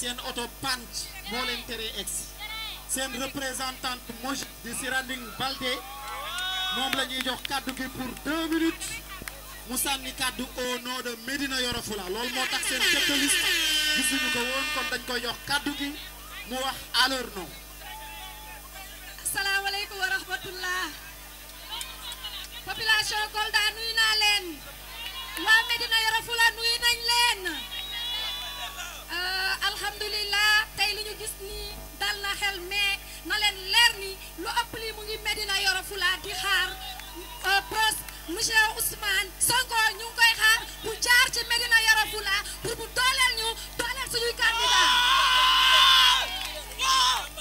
seen oto pant moo leen teree egsi seen représentante Moch di Siranding Baldé moom la ñuy jox kàddu gi pour mu sànni kàddu au de Médina Yoro Fula loolu moo tax seen chef gisuñu ko woon kon dañ koy jox kàddu gi mu wax à leur nom. asalaamaaleykum wa rahmatullah population naa leen waa Médina Yoro Fula nuyu nañ leen. Euh, alhamdulilah tey li ñu gis nii dal na xel mais na leen leer ni lu ëpp lii mu ngi Medina Yoro Fula di xaar euh, pros monsieur Ousmane Sonko ñu ngi koy xaar bu jaar ci Medina Yoro Fula pour bu dooleel ñu dooleel suñuy candidat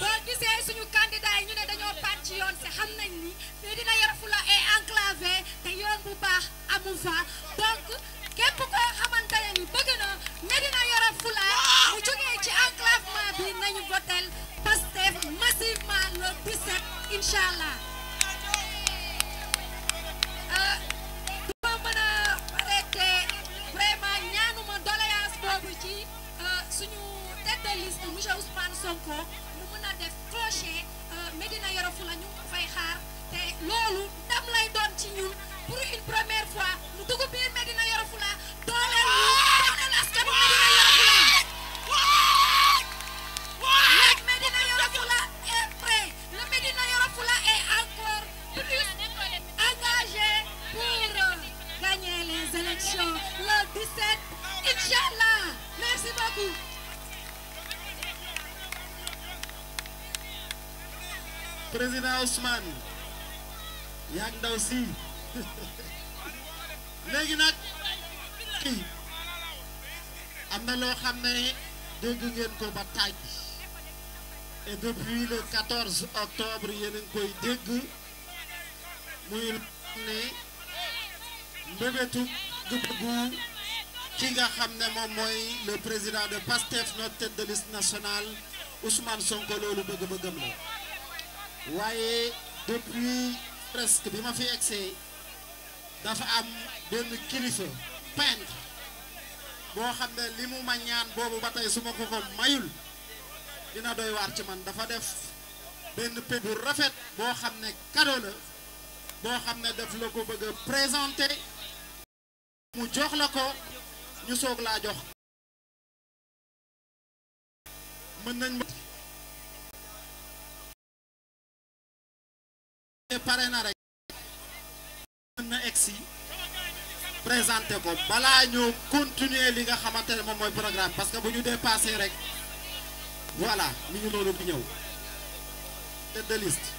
boo gisee suñu candidat yi ñu ne dañoo pàcc ci yoon te xam nañ ni Medina Yoro Fula est enclavé te yoon bu baax amu fa donc képp koo xamante ne ni bëgg na Medina Yoro nañu votel Pastef massivement le 17 incha allah président Ousmane yaag ndaw si léegi nag kii am na loo xam ne dégg ngeen ko ba tàj et depuis le 14 octobre yéen a koy dégg muy ne mbébétu gëbëgu ki nga xam ne moom mooy le président de PASTEF notre tête de liste nationale Ousmane Sonko loolu bëgg-bëggam la waaye depuis presque bi ma fi egsee dafa am benn kilifa peintre boo xam ne li mu ma ñaan boobu ba tey su ko ko mayul dina doy waar ci man dafa def benn pébu rafet boo xam ne cadeau la boo xam ne daf la ko bëgg a présenter mu jox la ko ñu soog laa jox mën pare na rek mën na egsi présenté ko balaa ñoo continuer li nga xamante ne moom mooy programme parce que bu ñu dépassé rek voilà mi ngi noonu di ñëw tête de liste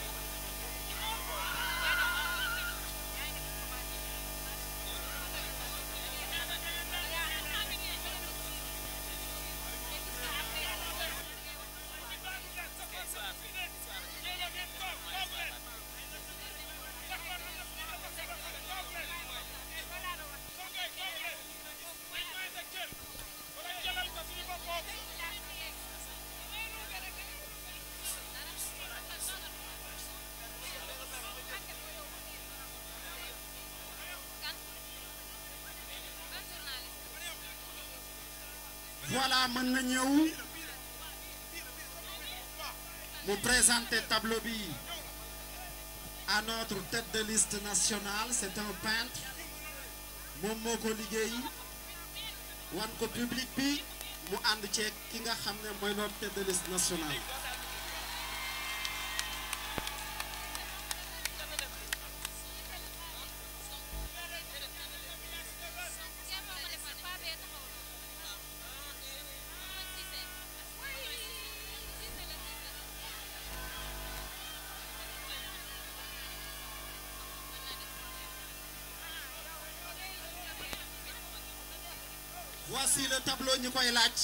voilà mën na ñëw mu présenter tableau bi à notre tête de liste nationale c'est un peintre moom moo ko liggéey wan ko public bi mu ànd ceeg ki nga xam ne mooy notre tête de liste nationale voici le tableau ñu koy laaj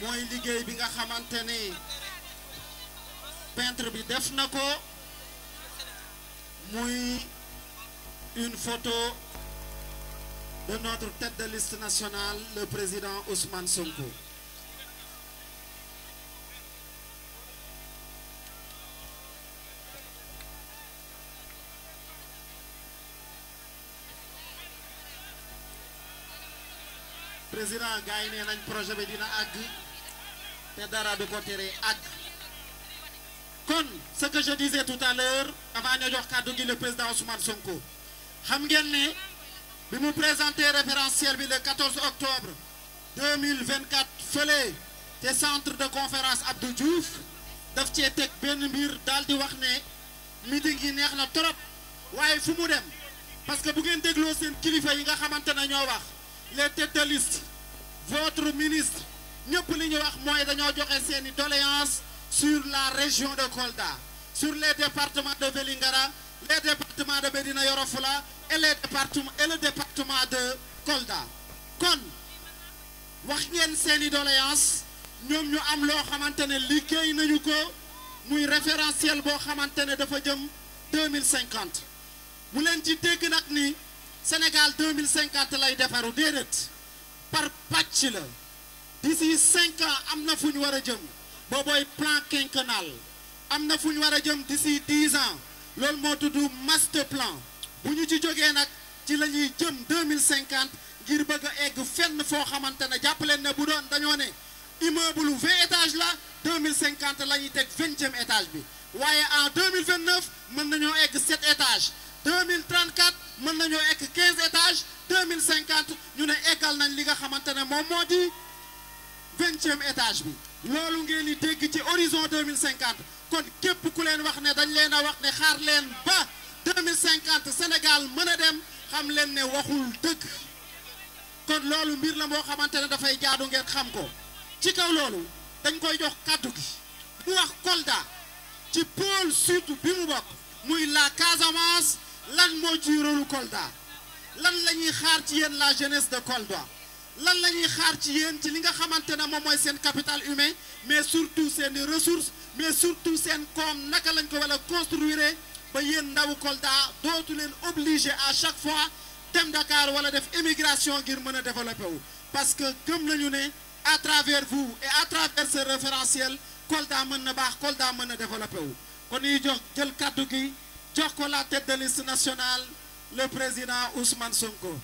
mooy liggéey bi nga xamante ni peintre bi def na ko muy une photo de notre tête de liste nationale le président Ousmane Sonko. président gars yi nee nañ projet bi dina àgg te dara du ko teree àgg kon ce que je disais tout à l'heure avant ñoo jox kàddu gi le président Ousmane Sonko xam ngeen ne bi mu présenté référentiel bi le 14 octobre 2024 fële te centre de conférence Abdou Diouf daf cee teg benn mbir daal di wax ne meeting yi neex na trop waaye fu mu dem parce que bu ngeen dégloo seen kilifa yi nga xamante ne ñoo wax les têtes de votre ministre ñëpp li ñu wax mooy dañoo joxe seeni doléance sur la région de Kolda sur les départements de Vélingara les départements de Médina Yoro Foulah et les départements de Kolda kon wax ngeen seeni doléance ñoom ñu am loo xamante ne liggéey nañu ko muy référentiel boo xamante ne dafa jëm 2050 bu leen ci dégg nag ni Sénégal 2050 lay defaru déedéet par pàcc la d'ici cinq ans am na fu ñu war a jëm boobooy plan nal am na fu ñu war a jëm d'ici dix ans loolu moo tuddu master plan bu ñu ci jógee nag ci la ñuy jëm deux mille cinquante ngir bëgg a egg fenn foo xamante ne jàpp leen ne bu doon dañoo ne immeuble vingt étages la deux mille cinquante la ñuy teg vingtième étage bi waaye en deux mille vingt neuf mën nañoo egg sept étages. 2034 mën nañoo egg 15 étages 2050 ñu ne eggal nañ li nga xamante ne moom moo di vingtième étage bi loolu ngeen di dégg ci horizon 2050 kon képp ku leen wax ne dañ leen a wax ne xaar leen ba 2050 Sénégal mën a dem xam leen ne waxul dëgg kon loolu mbir la moo xamante ne dafay jaadu ngeen xam ko ci kaw loolu dañ koy jox kàddu gi mu wax Kolda ci pôle sud bi mu bokk muy la Casamance lan moo ciy rôlu Kolda lan la ñuy xaar ci yéen la jeunesse de Kolda lan la ñuy xaar ci yéen ci li nga xamante ne moom mooy seen capital humain mais surtout seen i ressources mais surtout seen koom naka lañ ko war a construire ba yéen ndawu Kolda dootu leen obligé à chaque fois dem Dakar wala def émigration ngir mën a développé wu. parce que gëm nañu ne à travers vous et à travers ce référentiel Kolda mën na baax Kolda mën na développé wu kon ñuy jox jox ko la tête de liste nationale le président Ousmane Sonko.